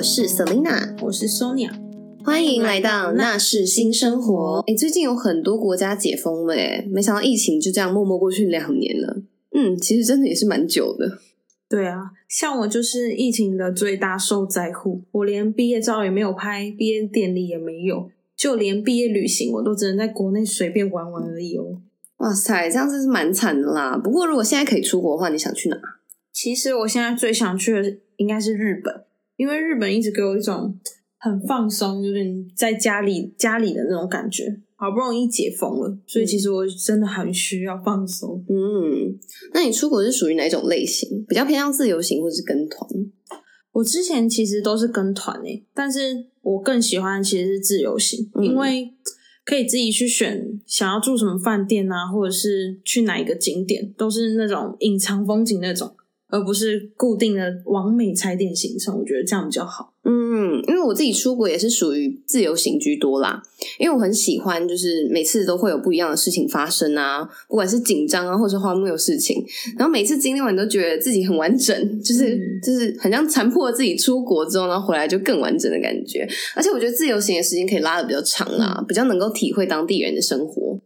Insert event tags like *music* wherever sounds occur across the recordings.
我是 Selina，我是 Sonia，歡迎來到娜式新生活。哎，最近有很多國家解封了，耶，沒想到疫情就這樣默默過去兩年了。嗯，其實真的也是蠻久的。對啊，像我就是疫情的最大受災戶，我連畢業照也沒有拍，畢業典禮也沒有，就連畢業旅行我都只能在國內隨便玩玩而已哦。哇塞，這樣子是蠻慘的啦。不過如果現在可以出國的話，你想去哪？其實我現在最想去的應該是日本。因為日本一直給我一種很放鬆，就是在家裡家裡的那種感覺，好不容易解封了，所以其實我真的很需要放鬆。嗯，那你出國是屬於哪種類型？比較偏向自由行，或者是跟團？我之前其實都是跟團欸，但是我更喜歡其實是自由行，因為可以自己去選想要住什麼飯店啊，或者是去哪一個景點，都是那種隱藏風景那種。而不是固定的完美踩點行程，我覺得這樣比較好。嗯，因為我自己出國也是屬於自由行居多啦，因為我很喜歡，就是每次都會有不一樣的事情發生啊，不管是緊張啊，或是荒謬的事情，然後每次經歷完都覺得自己很完整，就是、嗯、就是很像殘破了自己出國之後，然後回來就更完整的感覺。而且我覺得自由行的時間可以拉得比較長啦、啊，嗯、比較能夠體會當地人的生活。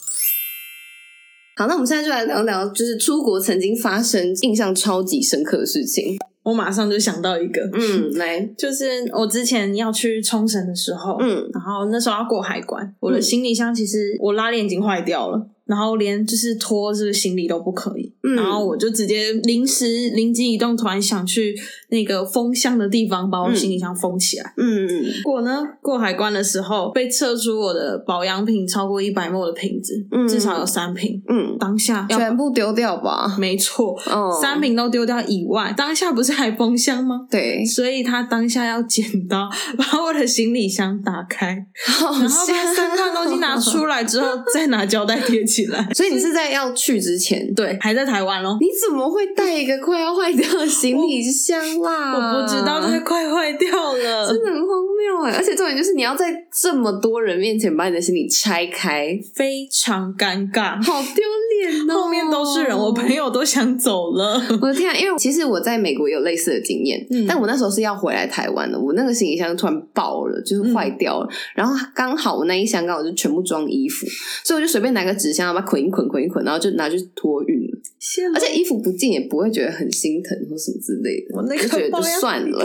好，那我們現在就來聊聊，就是出國曾經發生印象超級深刻的事情。我馬上就想到一個，嗯，來，就是我之前要去沖繩的時候，嗯，然後那時候要過海關，我的行李箱其實我拉鏈已經壞掉了。嗯。然後連就是拖，這個行李都不可以，然後我就直接臨時靈機一動，突然想去那個封箱的地方把我的行李箱封起來。嗯，果呢過海關的時候被測出我的保養品超過一百毫升的瓶子，嗯。至少有三瓶。嗯，當下全部丟掉吧？沒錯，嗯，三瓶都丟掉以外，當下不是還封箱嗎？對，所以他當下要剪刀把我的行李箱打開，然後把三罐東西拿出來之後，再拿膠帶貼。起來，所以你是在要去之前，對，還在台灣嘍？你怎麼會帶一個快要壞掉的行李箱啦？我不知道它快壞掉了，真的很荒謬哎！而且重點就是你要在這麼多人面前把你的行李拆開，非常尷尬，好丟臉哦！後面都是人，我朋友都想走了。我的天啊！因為其實我在美國也有類似的經驗，但我那時候是要回來台灣的，我那個行李箱突然爆了，就是壞掉了。然後剛好我那一箱剛好就全部裝衣服，所以我就隨便拿個紙箱，然後捆一捆，捆一捆，然後就拿去托運了。而且衣服不進也不會覺得很心疼，或什麼之類的，我那個就覺得就算了。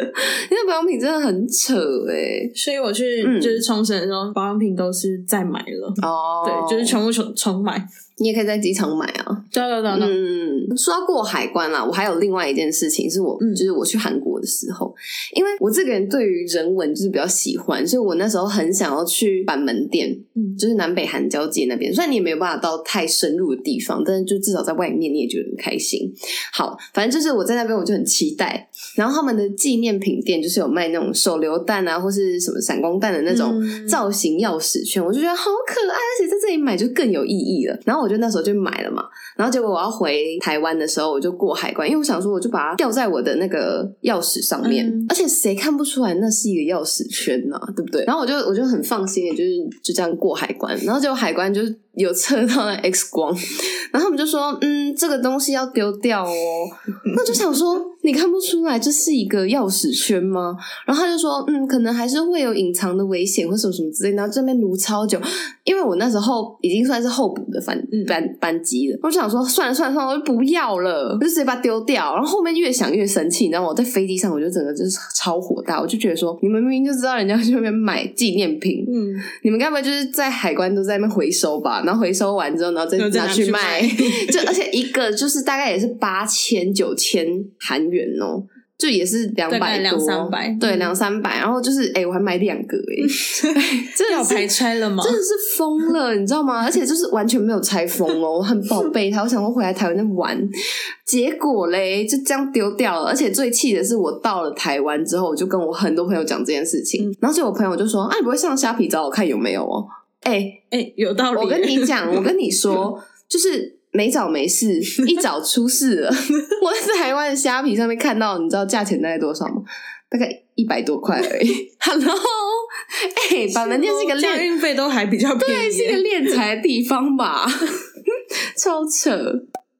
*laughs* 因為保養品真的很扯誒、欸，所以我去就是沖繩的時候，保養品都是再買了。哦、嗯，對，就是全部重重買。你也可以在機場買啊，對對對對，嗯嗯。說到過海關啦，我還有另外一件事情，是我、嗯、就是我去韓國的時候，因為我這個人對於人文就是比較喜歡，所以我那時候很想要去板門店，就是南北韓交界那邊。雖然你也沒有辦法到太深入的地方，但是就至少在外面你也覺得很開心。好，反正就是我在那邊，我就很期待。然後他們的紀念品店就是有賣那種手榴彈啊，或是什麼閃光彈的那種造型鑰匙圈，嗯、我就覺得好可愛，而且在這裡買就更有意義了。然後我就那時候就買了嘛，然後結果我要回台灣的時候，我就過海關，因為我想說我就把它吊在我的那個鑰匙上面，嗯、而且誰看不出來那是一個鑰匙圈呢、啊？對不對？然後我就我就很放心，也就是就這樣過海關，然後結果海關就。有測到的 X 光，然後他們就說，嗯，這個東西要丟掉哦。 *laughs* 那就想說，你看不出來這是一個鑰匙圈嗎？然後他就說，嗯，可能還是會有隱藏的危險或什麼什麼之類的。然後這邊擼超久。因為我那時候已經算是候補的反日班班，班機了，我就想說算了算了算了，我就不要了，我就直接把它丟掉。然後後面越想越生氣，你知道嗎？我在飛機上，我就整個就是超火大，我就覺得說，你們明明就知道人家去那邊買紀念品，嗯，你們該不會就是在海關都在那邊回收吧？然後回收完之後，然後再拿去賣，就，去賣 *laughs* 就而且一個就是大概也是八千九千韓元哦。就也是兩百多，對，兩三百，三百嗯、然後就是哎、欸，我還買兩個哎、欸，真的拆了嗎？真的是瘋了，了，你知道嗎？而且就是完全沒有拆封哦，我很寶貝它。 *laughs* 我想我回來台灣那玩，結果嘞就這樣丟掉了。而且最氣的是，我到了台灣之後，我就跟我很多朋友講這件事情，嗯、然後就我朋友就說：“啊，你不會上蝦皮找我看有沒有哦？”哎、欸、哎、欸，有道理、欸。我跟你講，我跟你說，就是。沒早沒事，一早出事了。 *laughs* 我在台灣的蝦皮上面看到，你知道價錢大概多少嗎？大概一百多塊而已。 *laughs* Hello，哎、欸，板門店是一個練運費都還比較便宜，對，是一個練財的地方吧？ *laughs* 超扯！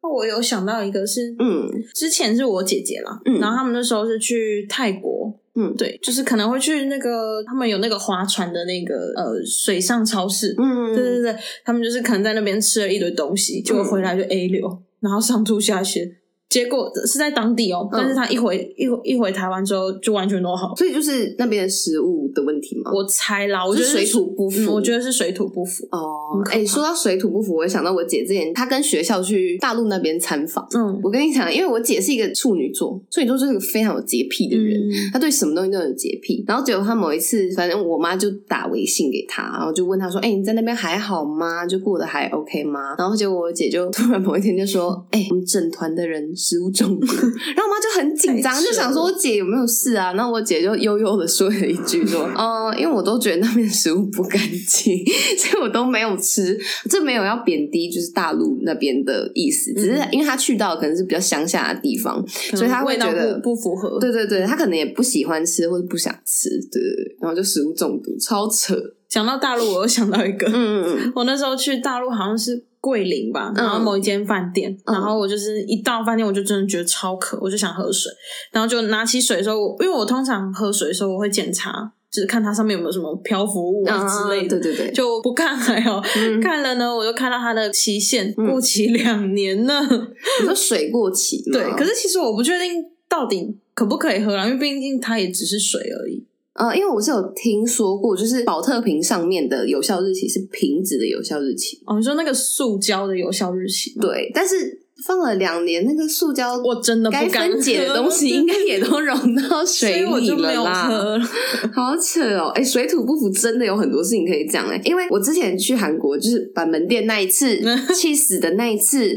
我有想到一個是，是嗯，之前是我姐姐啦，嗯，然後他們那時候是去泰國。嗯，對，就是可能會去那個，他們有那個划船的那個呃水上超市，嗯，嗯，嗯，對對對，他們就是可能在那邊吃了一堆東西，結果回來就 A 流，嗯、然後上吐下瀉。結果是在當地哦、喔，但是他一回一回一回台灣之後就完全都好，所以就是那邊的食物的問題嘛。我猜啦，我覺得是是水土不服、嗯，我覺得是水土不服哦。哎，說到水土不服，我想到我姐之前她跟學校去大陸那邊參訪，嗯，我跟你講，因為我姐是一個處女座，處女座就是一個非常有潔癖的人，嗯、她對什麼東西都有潔癖。然後結果她某一次，反正我媽就打微信給她，然後就問她說：“哎、欸，你在那邊還好嗎？就過得還 OK 嗎？”然後結果我姐就突然某一天就說：“哎、 *laughs* 欸，我們整團的人。”食物中毒，然後我媽就很緊張，就想說：“我姐有沒有事啊？”那我姐就悠悠的說了一句：“說，嗯， *laughs* uh, 因為我都覺得那邊的食物不乾淨，所以我都沒有吃。這沒有要貶低就是大陸那邊的意思，嗯、只是因為他去到的可能是比較鄉下的地方，可能，所以他會覺得味道不，不符合。對對對，他可能也不喜歡吃或者不想吃。對對對，然後就食物中毒，超扯。想到大陸，我又想到一個，嗯嗯嗯，我那時候去大陸好像是。”桂林吧，然後某一間飯店，嗯、然後我就是一到飯店，我就真的覺得超渴，我就想喝水，然後就拿起水的時候，因為我通常喝水的時候我會檢查，就是看它上面有沒有什麼漂浮物之類的，啊啊對對，對就不看還好，嗯、看了呢，我就看到它的期限過、嗯、期兩年了，你說水過期？對，可是其實我不確定到底可不可以喝了，因為畢竟它也只是水而已。呃，因為我是有聽說過，就是寶特瓶上面的有效日期是瓶子的有效日期。哦，你說那個塑膠的有效日期？對，但是。放了兩年那個塑膠，我真的該分解的東西應該也都融到水裡了啦。好扯哦！哎、欸，水土不服真的有很多事情可以講哎、欸，因為我之前去韓國就是把門店那一次氣 *laughs* 死的那一次。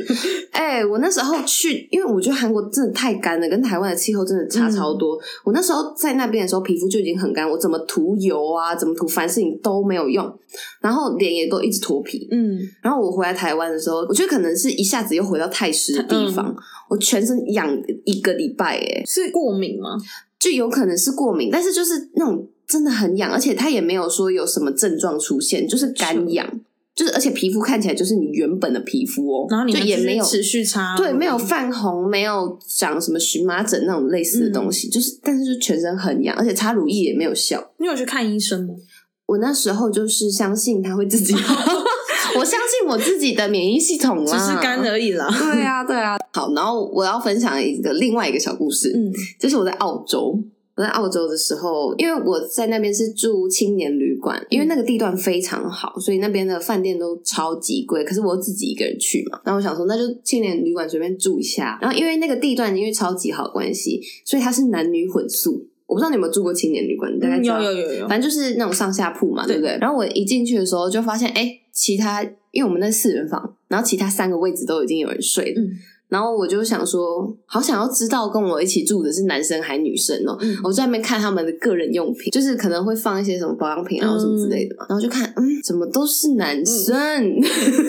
哎、欸，我那時候去，因為我覺得韓國真的太乾了，跟台灣的氣候真的差超多。嗯、我那時候在那邊的時候，皮膚就已經很乾，我怎麼塗油啊，怎麼塗，凡士林都沒有用，然後臉也都一直脫皮。嗯，然後我回來台灣的時候，我覺得可能是一下子又回到泰。嗯、地方，我全身癢一個禮拜、欸，哎，是過敏嗎？就有可能是過敏，但是就是那種真的很癢，而且它也沒有說有什麼症狀出現，就是乾癢，嗯、就是而且皮膚看起來就是你原本的皮膚哦、喔，然後你就也沒有持續擦，對，沒有泛紅，沒有長什麼蕁麻疹那種類似的東西，嗯、就是但是就全身很癢，而且擦乳液也沒有效，你有去看醫生嗎？我那時候就是相信他會自己。 *laughs* 我相信我自己的免疫系統啊，只是肝而已啦。對呀、啊，對呀、啊。好，然後我要分享一個另外一個小故事。嗯，就是我在澳洲，我在澳洲的時候，因為我在那邊是住青年旅館，因為那個地段非常好，所以那邊的飯店都超級貴。可是我自己一個人去嘛，然後我想說那就青年旅館隨便住一下。然後因為那個地段因為超級好關係，所以它是男女混宿。我不知道你有沒有住過青年旅館？大概就、嗯、有有有有，反正就是那種上下鋪嘛，對，對不對？然後我一進去的時候就發現，哎、欸。其他，因為我們那四人房，然後其他三個位置都已經有人睡了。嗯然後我就想說，好想要知道跟我一起住的是男生還是女生哦。嗯、我在那邊看他們的個人用品，就是可能會放一些什麼保養品啊什麼之類的嘛。嗯、然後就看，嗯，怎麼都是男生，嗯、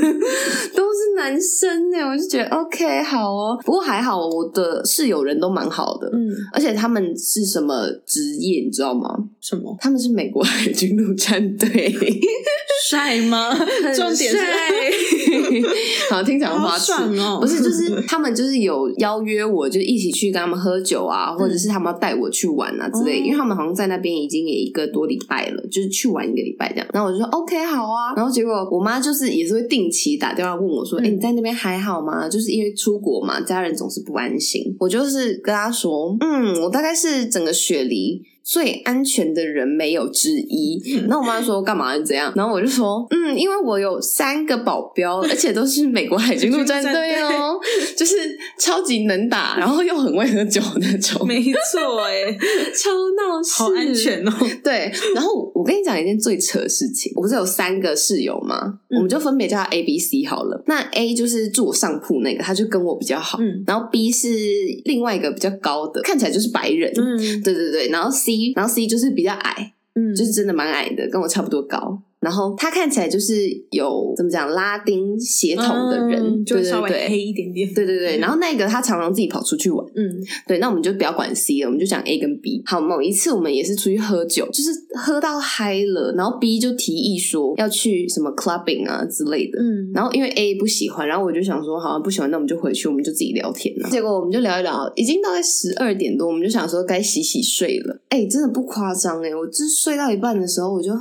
*laughs* 都是男生哎！我就覺得 OK 好哦。不過還好，我的室友人都蠻好的，嗯。而且他們是什麼職業，你知道嗎？什麼？他們是美國海軍陸戰隊，帥嗎？帥。重點是 *laughs* 好像聽起來好花痴哦。不是，就是。他們就是有邀約我，就一起去跟他們喝酒啊，或者是他們要帶我去玩啊之類的，嗯、因為他們好像在那邊已經也一個多禮拜了，就是去玩一個禮拜這樣。那我就說 OK，好啊。然後結果我媽就是也是會定期打電話問我，說：“誒、嗯欸、你在那邊還好嗎？”就是因為出國嘛，家人總是不安心。我就是跟他說：“嗯，我大概是整個雪梨。”最安全的人沒有之一。嗯、那我媽說幹嘛要這樣？然後我就說，嗯，因為我有三個保鏢，而且都是美國海軍陸戰隊哦、喔，就是超級能打，然後又很會喝酒那種。沒錯、欸，哎，超鬧事，好安全哦、喔。對。然後我跟你講一件最扯的事情，我不是有三個室友嗎？嗯、我們就分別叫他 A、B、C 好了。那 A 就是住我上鋪那個，他就跟我比較好。嗯。然後 B 是另外一個比較高的，看起來就是白人。嗯。對對對，然後 C。然後 C 就是比較矮，嗯，就是真的蠻矮的，跟我差不多高。然後他看起來就是有怎麼講拉丁血統的人，嗯、就稍微黑一點點。對，對對對，嗯、然後那個他常常自己跑出去玩。嗯，對。那我們就不要管 C 了，我們就講 A 跟 B。好，某一次我們也是出去喝酒，就是喝到嗨了，然後 B 就提議說要去什麼 clubbing 啊之類的。嗯，然後因為 A 不喜歡，然後我就想說，好像不喜歡那我們就回去，我們就自己聊天了，啊。嗯、結果我們就聊一聊，已經大概十二點多，我們就想說該洗洗睡了。哎、欸，真的不誇張、欸，哎，我就是睡到一半的時候我就。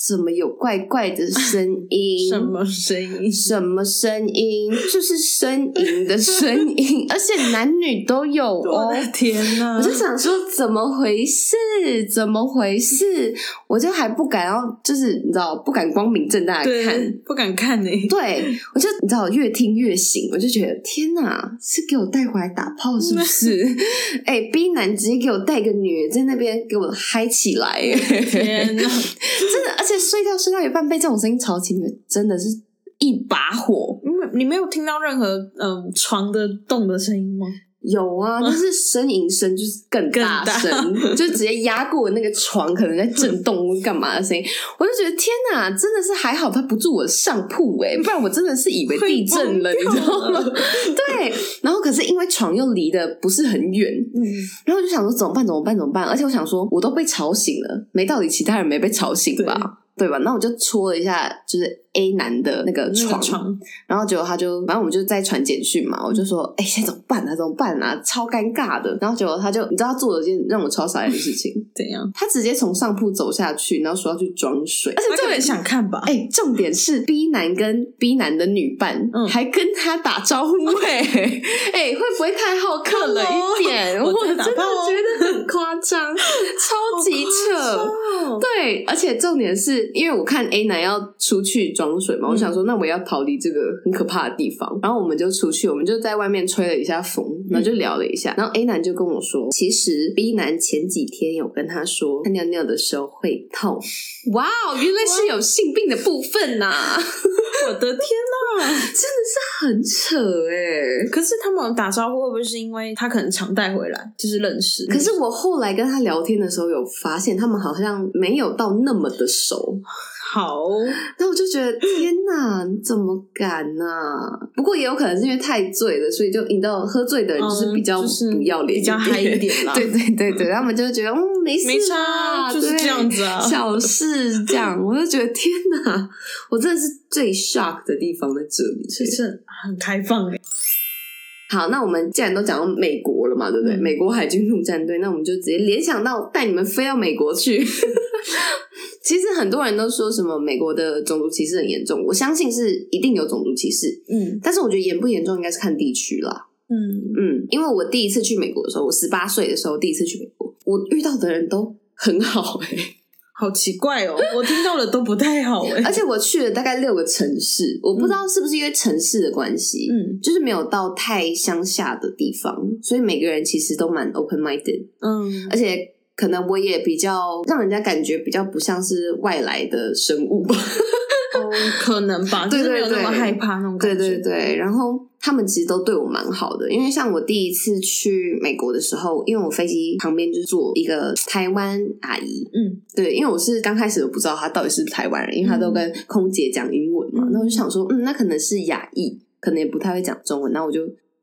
怎麼有怪怪的聲音？什麼聲音？什麼聲音？就是呻吟的聲音， *laughs* 而且男女都有哦。我的天哪、啊！我就想說怎麼回事？ *laughs* 怎麼回事？我就還不敢要，就是你知道，不敢光明正大的看，對，不敢看呢、欸。對，我就。你知道我越聽越醒，我就覺得天吶，是給我帶回來打炮是不是？哎那是，欸，B 男直接給我帶個女在那邊給我嗨起來， *laughs* 天啊，真的，而且睡覺睡到一半被這種聲音吵醒，真的是一把火。你沒有你沒有聽到任何嗯床的動的聲音嗎？有啊，但是呻吟聲就是更大聲，更大 *laughs* 就直接壓過那個床可能在震動或幹嘛的聲音，我就覺得天哪，真的是還好他不住我的上鋪誒、欸，不然我真的是以為地震了，了你知道嗎？對，然後可是因為床又離得不是很遠，嗯，然後我就想說怎麼辦？怎麼辦？怎麼辦？而且我想說，我都被吵醒了，沒道理其他人沒被吵醒吧？對吧？那我就戳了一下，就是 A 男的那個床，個床然後結果他就，反正我們就在傳簡訊嘛，我就說，哎、嗯欸，現在怎麼辦呢、啊？怎麼辦啊？超尷尬的。然後結果他就，你知道他做了件讓我超傻眼的事情，怎樣？他直接從上鋪走下去，然後說要去裝水，而且重點想看吧？哎、欸，重點是 B 男跟 B 男的女伴嗯，還跟他打招呼、欸，哎誒、嗯欸、會不會太好客了？一點，哦我，真哦、我真的覺得很誇張， *laughs* 超級扯，哦、對，而且重點是。因為我看 A 男要出去裝水嘛，嗯、我想說那我要逃離這個很可怕的地方。然後我們就出去，我們就在外面吹了一下風，然後就聊了一下。嗯、然後 A 男就跟我說，其實 B 男前幾天有跟他說，他尿尿的時候會痛。哇哦，原來是有性病的部分吶、啊！ *laughs* 我的天吶，真的是很扯誒、欸。可是他們打招呼會不會是因為他可能常帶回來，就是認識？嗯、可是我後來跟他聊天的時候，有發現他們好像沒有到那麼的熟。好，那我就覺得天哪，你怎麼敢呢、啊？不過也有可能是因為太醉了，所以就引到喝醉的人就是比較不要臉，嗯就是、比較嗨一點。對對對對，他、嗯、們就覺得哦、嗯、沒事啦沒，就是這樣子啊，小事這樣。我就覺得天哪，我真的是最 shock 的地方在這裡，所以這很開放哎、欸。好，那我們既然都講到美國了嘛，對不對？嗯、美國海軍陸戰隊，那我們就直接聯想到帶你們飛到美國去。其實很多人都說什麼美國的種族歧視很嚴重，我相信是一定有種族歧視，嗯，但是我覺得嚴不嚴重應該是看地區啦。嗯嗯，因為我第一次去美國的時候，我十八歲的時候第一次去美國，我遇到的人都很好、欸，哎，好奇怪哦、喔， *laughs* 我聽到的都不太好、欸，而且我去了大概六個城市，我不知道是不是因為城市的關係，嗯，就是沒有到太鄉下的地方，所以每個人其實都蠻 open minded，嗯，而且。可能我也比較讓人家感覺比較不像是外來的生物，哦，可能吧，對對對。對，就沒有那麼害怕，對對對那種感覺。對對對，然後他們其實都對我蠻好的，嗯、因為像我第一次去美國的時候，因為我飛機旁邊就坐一個台灣阿姨，嗯，對，因為我是剛開始都不知道她到底是台灣人，因為她都跟空姐講英文嘛，那我、嗯、就想說，嗯，那可能是亞裔，可能也不太會講中文，那我就。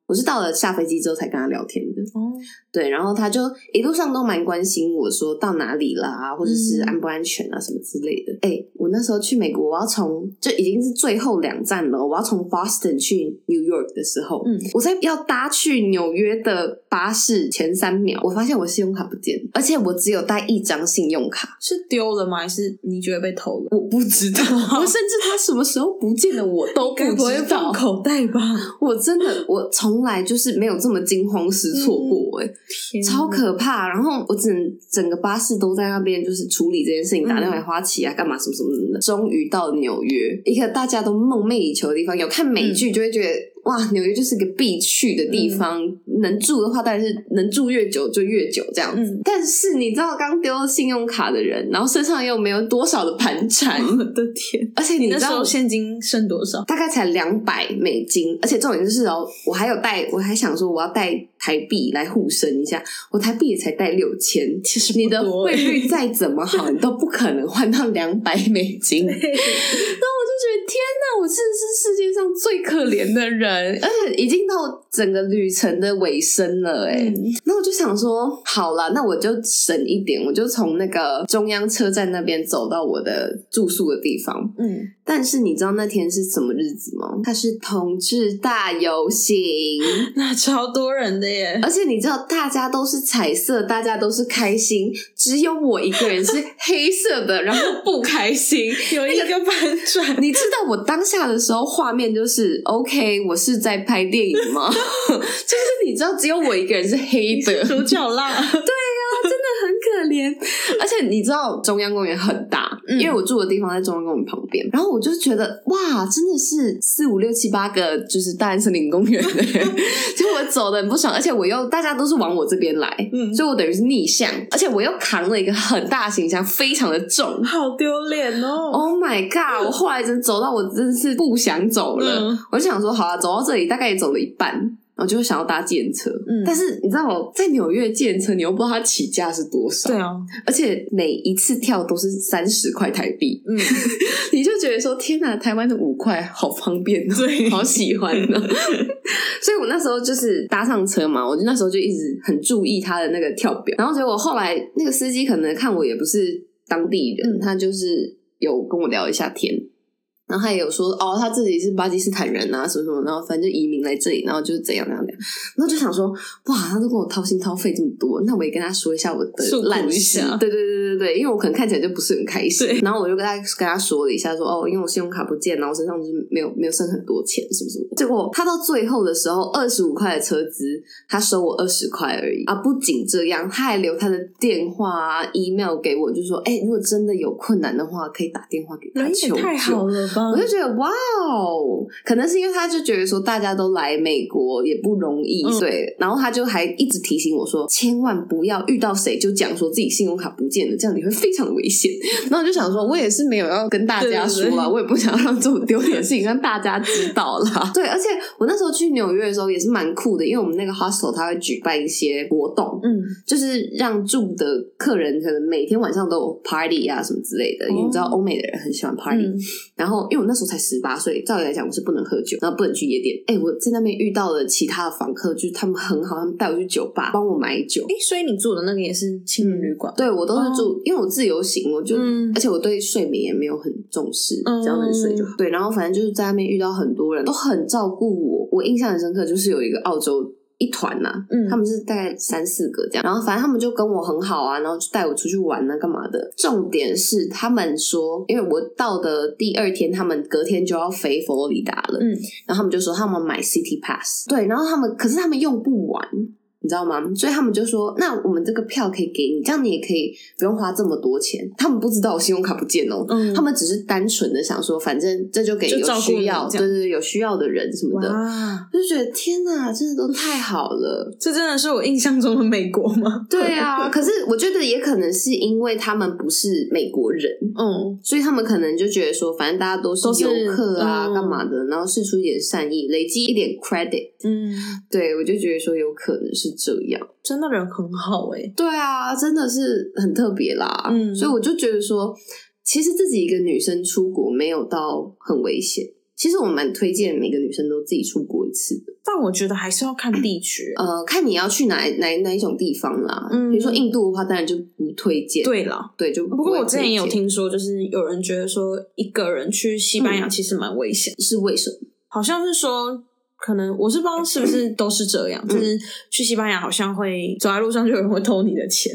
我是到了下飛機之後才跟他聊天的，哦、對，然後他就一、欸、路上都蠻關心我說到哪裡了啊，或者是安不安全啊、嗯、什麼之類的。哎、欸，我那時候去美國，我要從就已經是最後兩站了，我要從 Boston 去 New York 的時候，嗯、我在要搭去紐約的巴士前三秒，我發現我信用卡不見，而且我只有帶一張信用卡，是丟了嗎？還是你覺得被偷了？我不知道， *laughs* 我甚至他什麼時候不見的我都不知道。放口袋吧， *laughs* 我真的我從從來就是沒有這麼驚慌失措過，誒、嗯、超可怕！然後我整整個巴士都在那邊，就是處理這件事情，嗯、打電話給、花旗啊，幹嘛什麼什麼什麼的。終於到紐約，一個大家都夢寐以求的地方。有看美劇就會覺得，嗯、哇，紐約就是個必去的地方。嗯能住的話，當然是能住越久就越久這樣子。嗯、但是你知道剛，剛丟信用卡的人，然後身上又沒有多少的盤纏，我的天！而且你知道我你現金剩多少？大概才兩百美金。而且重點就是哦，我還有帶，我還想說我要帶台幣來護身一下。我台幣也才帶六千。其實、欸、你的匯率再怎麼好， *laughs* 你都不可能換到兩百美金。那對 *laughs* 我就覺得天哪，我是不是世界上最可憐的人？而且已經到整個旅程的。尾聲了，哎、欸，嗯、那我就想說，好了，那我就省一點，我就從那個中央車站那邊走到我的住宿的地方。嗯，但是你知道那天是什麼日子嗎？它是同志大遊行，那超多人的耶！而且你知道，大家都是彩色，大家都是開心，只有我一個人是黑色的， *laughs* 然後不開心。有一個反轉，那個、 *laughs* 你知道我當下的時候畫面就是：OK，我是在拍電影嗎？ *laughs* 就是你。你知道只有我一個人是黑的，手腳辣、啊、 *laughs* 對呀、啊，真的很可憐。 *laughs* 而且你知道中央公園很大，嗯、因為我住的地方在中央公園旁邊，然後我就覺得哇，真的是四五六七八個就是大安森林公園嘞， *laughs* 就我走得很不爽，而且我又大家都是往我這邊來，嗯，所以我等於是逆向，而且我又扛了一個很大行李箱，非常的重，好丟臉哦！Oh my god！我後來真走到我真的是不想走了，嗯嗯我就想說，好啊，走到這裡大概也走了一半。然後就會想要搭計程車，嗯、但是你知道，在紐約計程車，你又不知道它起價是多少？對啊，而且每一次跳都是三十塊台幣。嗯， *laughs* 你就覺得說天哪、啊，台灣的五塊好方便、喔，對好喜歡呢、喔。 *laughs* 所以我那時候就是搭上車嘛，我就那時候就一直很注意他的那個跳錶。然後結果後來那個司機可能看我也不是當地人、嗯，他就是有跟我聊一下天。然後他也有說哦，他自己是巴基斯坦人啊，什麼什麼，然後反正移民來這裡，然後就是怎樣怎樣怎樣，然後就想說哇，他都跟我掏心掏肺這麼多，那我也跟他說一下我的爛事，對對對對對，因為我可能看起來就不是很開心。對然後我就跟他跟他說了一下說，說哦，因為我信用卡不見，然後身上就是沒有沒有剩很多錢，什麼什麼。結果他到最後的時候，二十五塊的車資，他收我二十塊而已啊！不僅這樣，他還留他的電話、email 給我，就說哎，如果真的有困難的話，可以打電話給他求救。太好了。Um, 我就覺得哇哦，可能是因為他就覺得說大家都來美國也不容易，嗯、對。然後他就還一直提醒我說，千萬不要遇到誰就講說自己信用卡不見了，這樣你會非常危險。然後我就想說，我也是沒有要跟大家說啊，對我也不想讓這麼丟臉的事情讓大家知道了。對，而且我那時候去紐約的時候也是蠻酷的，因為我們那個 hostel 他會舉辦一些活動，嗯，就是讓住的客人可能每天晚上都有 party 啊什麼之類的。哦、你知道歐美的人很喜歡 party，嗯、然後。因為我那時候才十八歲，照理來講我是不能喝酒，然後不能去夜店。哎、欸，我在那邊遇到了其他的房客，就是他們很好，他們帶我去酒吧，幫我買酒。哎、欸，所以你住的那個也是青年旅館、嗯？對，我都是住，哦、因為我自由行，我就、嗯、而且我對睡眠也沒有很重視，嗯、只要能睡就好。對，然後反正就是在那邊遇到很多人都很照顧我，我印象很深刻，就是有一個澳洲。一團吶、啊，嗯，他們是大概三四個這樣，然後反正他們就跟我很好啊，然後就帶我出去玩啊。幹嘛的？重點是他們說，因為我到的第二天，他們隔天就要飛佛羅里達了，嗯，然後他們就說他們買 City Pass，對，然後他們可是他們用不完。你知道嗎？所以他們就說：“那我們這個票可以給你，這樣你也可以不用花這麼多錢。”他們不知道我信用卡不見了、喔，嗯，他們只是單純的想說，反正這就給有需要，對對，就是有需要的人什麼的，我哇就覺得天哪，真的都太好了！這真的是我印象中的美國嗎？對啊， *laughs* 可是我覺得也可能是因為他們不是美國人，嗯，所以他們可能就覺得說，反正大家都是遊客啊，幹嘛的，嗯、然後釋出一點善意，累積一點 credit，嗯，對我就覺得說有可能是。這樣，真的人很好哎、欸，對啊，真的是很特別啦。嗯，所以我就覺得說，其實自己一個女生出國沒有到很危險。其實我蠻推薦每個女生都自己出國一次的，但我覺得還是要看地區，呃，看你要去哪哪哪一種地方啦。嗯，比如說印度的話，當然就不推薦。對啦，對，就不，不過我之前也有聽說，就是有人覺得說一個人去西班牙其實蠻危險、嗯，是為什麼？好像是說。可能我是不知道是不是都是這樣，就是去西班牙好像會走在路上就有人會偷你的錢。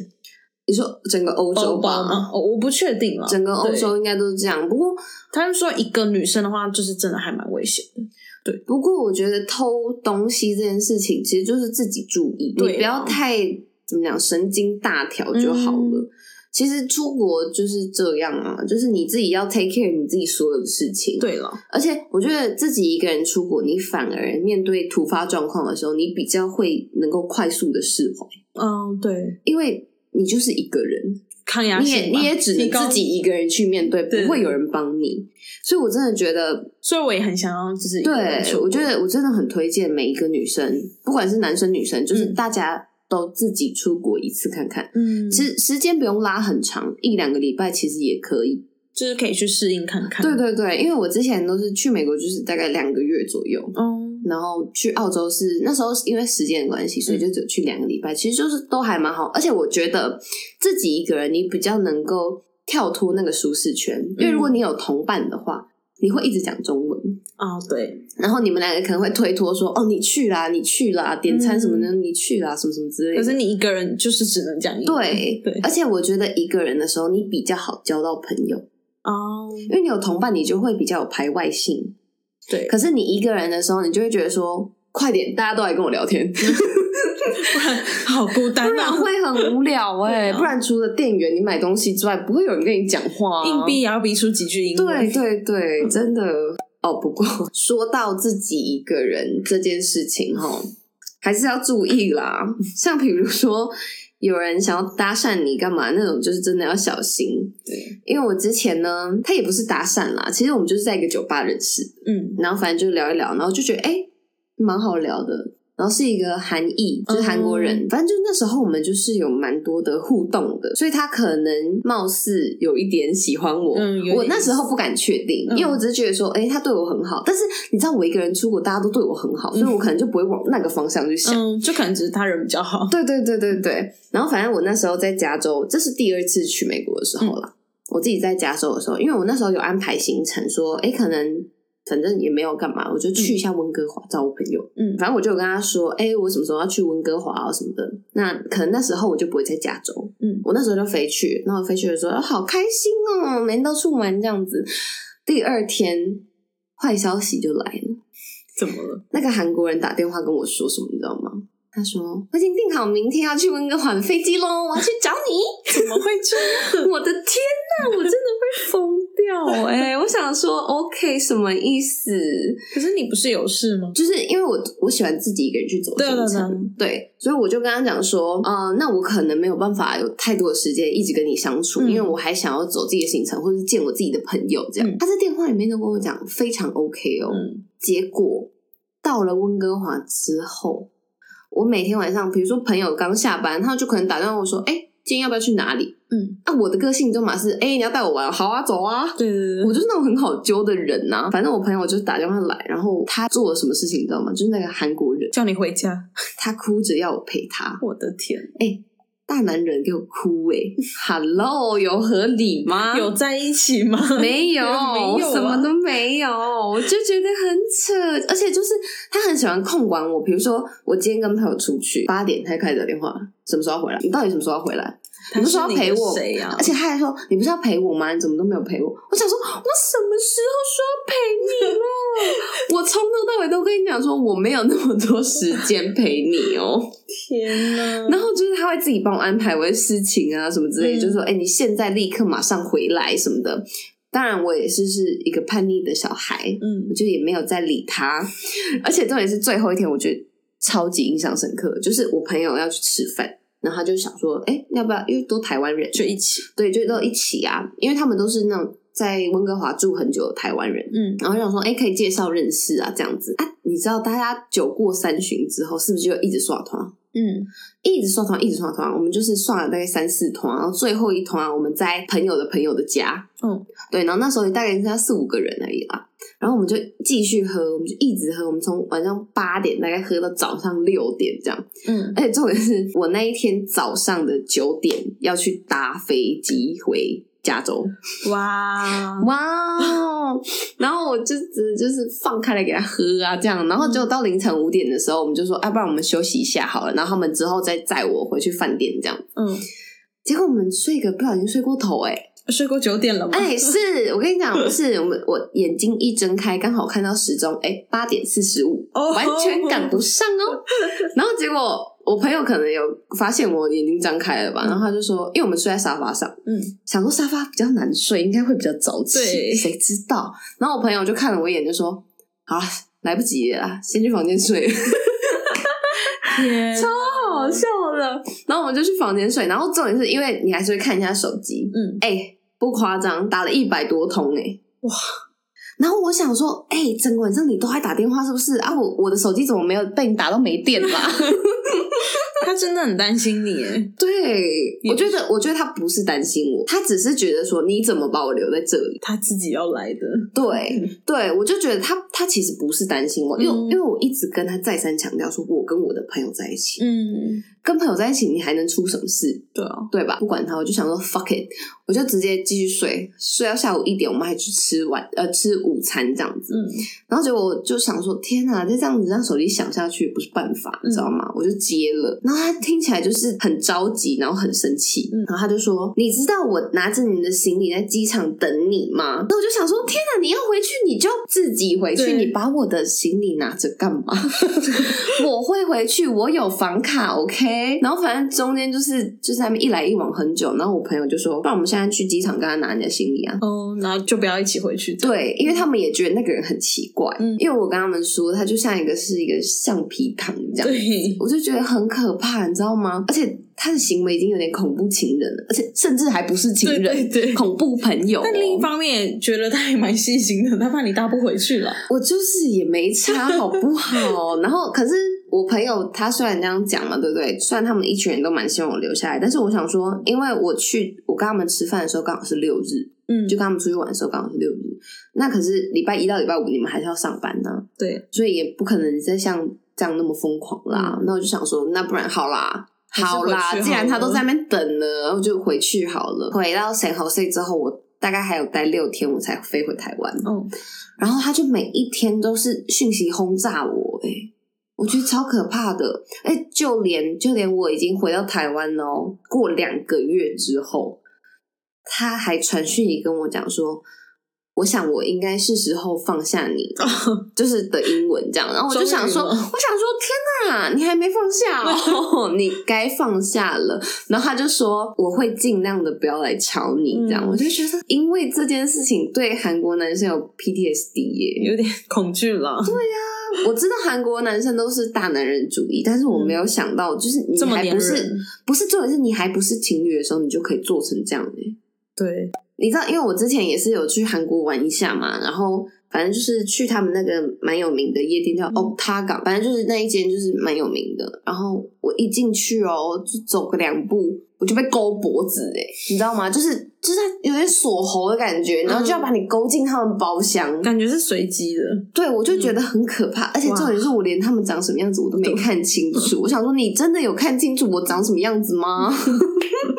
你說整個歐洲吧，我我不確定啊，整個歐洲應該都是這樣。對不過他們說一個女生的話，就是真的還蠻危險的。對，不過我覺得偷東西這件事情其實就是自己注意，你不要太嗎怎麼講，神經大條就好了。嗯其實出國就是這樣啊，就是你自己要 take care 你自己所有的事情。對了，而且我覺得自己一個人出國，你反而面對突發狀況的時候，你比較會能夠快速的釋懷。嗯，對，因為你就是一個人，抗壓性你，你也你也只能自己一個人去面對，對，不會有人幫你。所以我真的覺得，所以我也很想要，就是一個人，對，我覺得我真的很推薦每一個女生，不管是男生女生，就是大家。嗯都自己出國一次看看，嗯，其實時間不用拉很長，一兩個禮拜其實也可以，就是可以去適應看看。對對對，因為我之前都是去美國，就是大概兩個月左右，嗯，然後去澳洲是那時候因為時間的關係，所以就只有去兩個禮拜，嗯、其實就是都還蠻好。而且我覺得自己一個人，你比較能夠跳脫那個舒適圈，嗯、因為如果你有同伴的話。你會一直講中文啊？Oh, 對，然後你們兩個可能會推脫說：“哦，你去啦，你去啦，點餐什麼的，嗯、你去啦，什麼什麼之類的。”可是你一個人就是只能講英文。對對，對而且我覺得一個人的時候你比較好交到朋友哦，oh, 因為你有同伴，你就會比較有排外性。對，可是你一個人的時候，你就會覺得說：“快點，大家都來跟我聊天。 *laughs* ”不然好孤單、啊，不然會很無聊哎、欸。聊不然除了店員你買東西之外，不會有人跟你講話，啊。硬幣也要逼出幾句英語。對對對，真的。嗯、哦，不過說到自己一個人這件事情，哦，還是要注意啦。嗯、像比如說有人想要搭訕你幹嘛那種，就是真的要小心。對，因為我之前呢，他也不是搭訕啦，其實我們就是在一個酒吧認識，嗯，然後反正就聊一聊，然後就覺得欸、蠻好聊的。然後是一個韓裔，就是韓國人，嗯、反正就那時候我們就是有蠻多的互動的，所以他可能貌似有一點喜歡我，嗯、我那時候不敢確定，嗯、因為我只是覺得說，哎、欸，他對我很好，但是你知道我一個人出國，大家都對我很好，嗯、所以我可能就不會往那個方向去想，嗯、就可能只是他人比較好。對對對對對。然後反正我那時候在加州，這是第二次去美國的時候啦，嗯、我自己在加州的時候，因為我那時候有安排行程說，哎、欸，可能。反正也沒有幹嘛，我就去一下溫哥華、嗯、找我朋友。嗯，反正我就跟他說，哎、欸，我什麼時候要去溫哥華啊什麼的。那可能那時候我就不會在加州。嗯，我那時候就飛去，然後飛去的時候好開心哦、喔，每天都出門這樣子。第二天壞消息就來了，怎麼了？那個韓國人打電話跟我說什麼，你知道嗎？他說我已經訂好明天要去溫哥華的飛機嘍，我要去找你。怎麼會這樣？我的天吶、啊，我真的會瘋。 *laughs* 有哎對、欸，我想說，OK，什麼意思？可是你不是有事嗎？就是因為我我喜歡自己一個人去走行程，對,對,對,對,對，所以我就跟他講說，嗯、呃、那我可能沒有辦法有太多的時間一直跟你相處，嗯、因為我還想要走自己的行程，或者見我自己的朋友。這樣，嗯、他在電話裡面都跟我講非常 OK 哦、喔。嗯、結果到了溫哥華之後，我每天晚上，比如說朋友剛下班，他就可能打電話說，哎、欸。今天要不要去哪裡？嗯，啊，我的個性就嘛是，哎、欸，你要帶我玩，好啊，走啊，對,對,對我就是那種很好揪的人吶、啊。反正我朋友就打電話來，然後他做了什麼事情，你知道嗎？就是那個韓國人叫你回家，他哭着要我陪他。我的天，哎、欸，大男人給我哭、欸，哎 *laughs* ，Hello，有合理嗎？有在一起嗎？ *laughs* 沒有， *laughs* 沒有什麼都沒有， *laughs* 我就覺得很扯。而且就是他很喜歡控管我，比如說我今天跟朋友出去，八點他開始打電話，什麼時候要回來？你到底什麼時候要回來？你不是說要陪我？是是啊、而且他還說：“你不是要陪我嗎？你怎麼都沒有陪我？”我想說：“我什麼時候說要陪你了？ *laughs* 我從頭到尾都跟你講說我沒有那麼多時間陪你哦、喔。天哪”天吶！然後就是他會自己幫我安排我的事情啊，什麼之類，對就說：“哎、欸，你現在立刻馬上回來什麼的。”當然，我也是是一個叛逆的小孩，嗯，我就也沒有再理他。而且這也是最後一天，我覺得超級印象深刻，就是我朋友要去吃飯。然後他就想說，哎、欸，要不要？因為都台灣人，就一起，對，就都一起啊，因為他們都是那種在溫哥華住很久的台灣人，嗯，然後就想說，哎、欸，可以介紹認識啊，這樣子啊，你知道，大家酒過三巡之後，是不是就一直刷團？嗯，一直刷團，一直刷團，我們就是刷了大概三四團，然後最後一團啊，我們在朋友的朋友的家，嗯，對，然後那時候你大概剩下四五個人而已啦、啊。然後我們就繼續喝，我們就一直喝，我們從晚上八點大概喝到早上六點這樣。嗯，而且重點是我那一天早上的九點要去搭飛機回加州。哇哇！哇哦，然後我就只哇就，就是放開來給他喝啊，這樣。然後就到凌晨五點的時候，我們就說要、嗯啊、不然我們休息一下好了。然後他們之後再載我回去飯店這樣。嗯，結果我們睡個不小心睡過頭哎、欸。睡過九點了嗎？哎、欸，是我跟你講，是我我眼睛一睜開，剛好看到時鐘，哎、欸，八點四十五，完全趕不上哦。Oh. 然後結果我朋友可能有發現我眼睛張開了吧，嗯、然後他就說，因為我們睡在沙發上，嗯，想說沙發比較難睡，應該會比較早起，誰對知道？然後我朋友就看了我一眼，就說，好了，來不及了，先去房間睡。 *laughs* 天、啊，超好笑。然後我們就去房間睡，然後重點是因為你還是會看一下手機，嗯，哎、欸，不誇張，打了一百多通哎、欸，哇！然後我想說，哎、欸，整個晚上你都還打電話是不是啊？我我的手機怎麼沒有被你打到沒電吧？ *laughs* *laughs* 他真的很擔心你，哎對不我覺得我覺得他不是擔心我，他只是覺得說你怎麼把我留在這裡？他自己要來的，對對，我就覺得他他其實不是擔心我，嗯、因為因為我一直跟他再三強調說我跟我的朋友在一起，嗯。跟朋友在一起，你還能出什麼事？對啊，對吧？不管他，我就想說 fuck it，我就直接繼續睡，睡到下午一點，我們還去吃晚呃吃午餐這樣子。嗯，然後結果我就想說，天哪、啊，再這樣子讓手機響下去不是辦法，嗯、你知道嗎？我就接了，然後他聽起來就是很着急，然後很生氣，嗯、然後他就說：“你知道我拿着你的行李在機場等你嗎？”那我就想說：“天哪、啊，你要回去你就自己回去，對你把我的行李拿着幹嘛？” *laughs* 我會回去，我有房卡，OK。哎，然後反正中間就是就是他們一來一往很久，然後我朋友就說：“不然我們現在去機場，跟他拿你的行李啊。”哦、嗯，然後就不要一起回去。對，因為他們也覺得那個人很奇怪。嗯，因為我跟他們說，他就像一個是一個橡皮糖一樣。對，我就覺得很可怕，你知道嗎？而且他的行為已經有點恐怖情人了，而且甚至還不是情人，對對對恐怖朋友、哦。但另一方面，覺得他也蠻細心的，他怕你搭不回去了。我就是也沒差好不好？ *laughs* 然後可是。我朋友他雖然這樣講了，對不對？雖然他們一群人都蠻希望我留下來，但是我想說，因為我去我跟他們吃飯的時候剛好是六日，嗯，就跟他們出去玩的時候剛好是六日，那可是禮拜一到禮拜五你們還是要上班呢、啊，對，所以也不可能再像這樣那麼瘋狂啦。嗯、那我就想說，那不然好啦，好啦，好，既然他都在那邊等了，然後就回去好了。回到 San Jose 之後，我大概還有待六天，我才飛回台灣。嗯、哦，然後他就每一天都是訊息轟炸我，誒、欸我覺得超可怕的，哎、欸，就連就連我已經回到台灣哦、喔，過兩個月之後，他還傳訊息跟我講說，我想我應該是時候放下你，啊、就是的英文這樣。然後我就想說，我想說，天啊，你還沒放下哦、喔，啊、你該放下了。然後他就說，我會盡量的不要來吵你這樣、嗯。我就覺得，因為這件事情對韓國男生有 PTSD 耶、欸，有點恐懼了。對呀、啊。 *laughs* 我知道韓國男生都是大男人主義，但是我沒有想到，就是你還不是麼，不是重點是你還不是情侶的時候，你就可以做成這樣的、欸、對，你知道，因為我之前也是有去韓國玩一下嘛，然後反正就是去他們那個蠻有名的夜店叫 Octagon，反正就是那一間就是蠻有名的。然後我一進去哦，就走個兩步。我就被勾脖子哎、欸，你知道嗎？就是就是他有點鎖喉的感覺，然後就要把你勾進他們包廂，感覺是隨機的。對，我就覺得很可怕，嗯、而且重點是我連他們長什麼樣子我都沒看清楚。對我想說，你真的有看清楚我長什麼樣子嗎？ *laughs*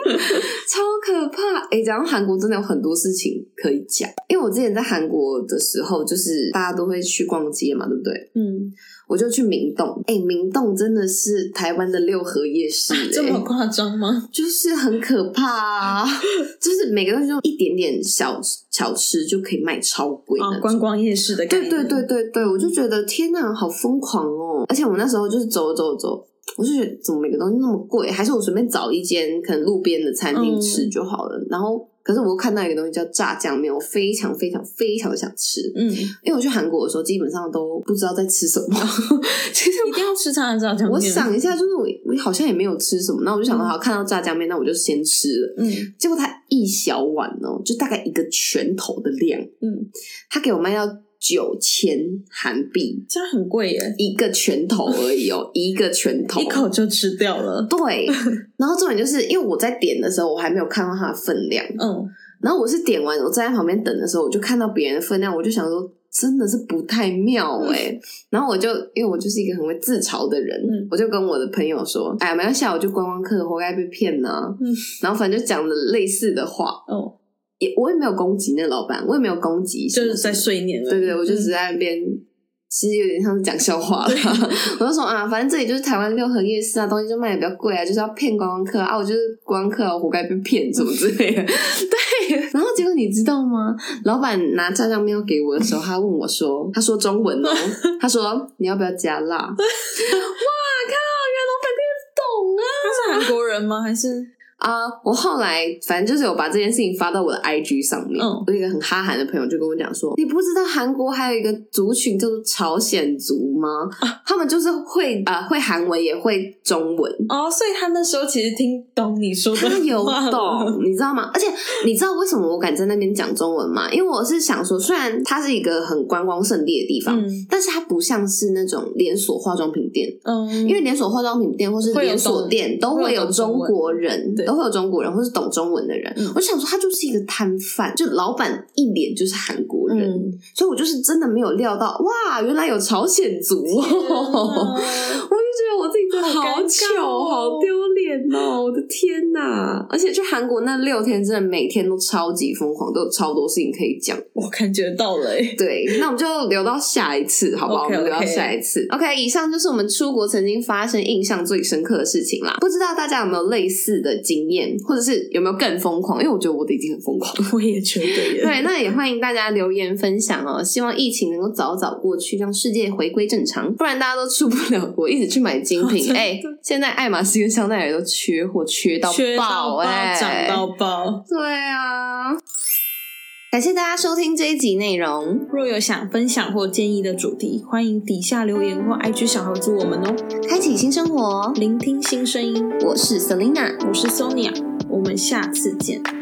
*laughs* 超可怕！哎、欸，講到韓國，真的有很多事情可以講，因為我之前在韓國的時候，就是大家都會去逛街嘛，對不對？嗯。我就去明洞，哎、欸，明洞真的是台灣的六合夜市、欸啊，這麼誇張嗎？就是很可怕、啊， *laughs* 就是每個東西用一點點小小吃就可以賣超貴，啊、哦，觀光夜市的感覺。對對對對對，我就覺得天哪、啊，好瘋狂哦！而且我那時候就是走走走，我就覺得怎麼每個東西那麼貴，還是我隨便找一間可能路邊的餐廳吃就好了，嗯、然後。可是我又看到一個東西叫炸醬麵，我非常非常非常想吃。嗯，因為我去韓國的時候基本上都不知道在吃什麼，哦、 *laughs* 其實嘛一定要吃炸醬麵。我想一下，就是我我好像也沒有吃什麼，那我就想到、嗯、好看到炸醬麵，那我就先吃了。嗯，結果它一小碗哦、喔，就大概一個拳頭的量。嗯，他給我賣到。九千韓幣，這樣很貴耶！一個拳頭而已哦， *laughs* 一個拳頭，一口就吃掉了。對， *laughs* 然後重點就是因為我在點的時候，我還沒有看到它的分量，嗯，然後我是點完，我在旁邊等的時候，我就看到別人的分量，我就想說真的是不太妙哎、欸。嗯、然後我就因為我就是一個很會自嘲的人，嗯、我就跟我的朋友說，哎，明天下午就觀光客活該被騙呢、啊。嗯，然後反正就講了類似的話。哦、嗯。也我也沒有攻擊那個老板，我也沒有攻擊，是是就是在碎念了。對，對對，我就只在那邊，嗯、其實有點像是講笑話了。對我就說啊，反正這裡就是台灣六合夜市啊，東西就賣得比較貴啊，就是要騙觀光,光,、啊、光光客啊，我就是觀光客，我活該被騙什麼之類的。 *laughs* 對，然後結果你知道嗎？老板拿炸醬面給我的時候，他問我說，他說中文哦， *laughs* 他說你要不要加辣？ *laughs* 對哇靠，原來老板可以懂啊！他是韓國人嗎？還是？啊，uh, 我後來反正就是有把這件事情發到我的 IG 上面。嗯，我一個很哈韓的朋友就跟我講說：“你不知道韓國還有一個族群叫做朝鮮族嗎？啊、他們就是會啊、uh, 會韓文也會中文哦，所以他那時候其實聽懂你說的話。他有懂，你知道嗎？而且你知道為什麼我敢在那邊講中文嗎？因為我是想說，雖然它是一個很觀光勝地的地方，嗯、但是它不像是那種連鎖化妝品店，嗯，因為連鎖化妝品店或是連鎖店會都會有中國人。會有中國人，或是懂中文的人，嗯、我想說他就是一個攤販，就老板一臉就是韓國人，嗯、所以我就是真的沒有料到，哇，原來有朝鮮族，哪我就覺得我自己真的好糗，好丟臉哦。天吶！而且去韓國那六天，真的每天都超級瘋狂，都有超多事情可以講。我感覺到了誒、欸。對，那我們就留到下一次，好不好？Okay, okay. 我們留到下一次。OK，以上就是我們出國曾經發生印象最深刻的事情啦。不知道大家有沒有類似的經驗，或者是有沒有更瘋狂？因為我覺得我的已經很瘋狂了。我也覺得也。對，那也歡迎大家留言分享哦。希望疫情能夠早早過去，讓世界回歸正常。不然大家都出不了國，一直去買精品。哎、哦欸，現在愛馬仕跟香奈兒都缺貨。缺到爆哎，長到爆，對啊！感謝大家收聽這一集內容。若有想分享或建議的主題，歡迎底下留言或 IG 小盒子我們哦。開啟新生活，聆聽新聲音。我是 Selina，我是 Sonya，我們下次見。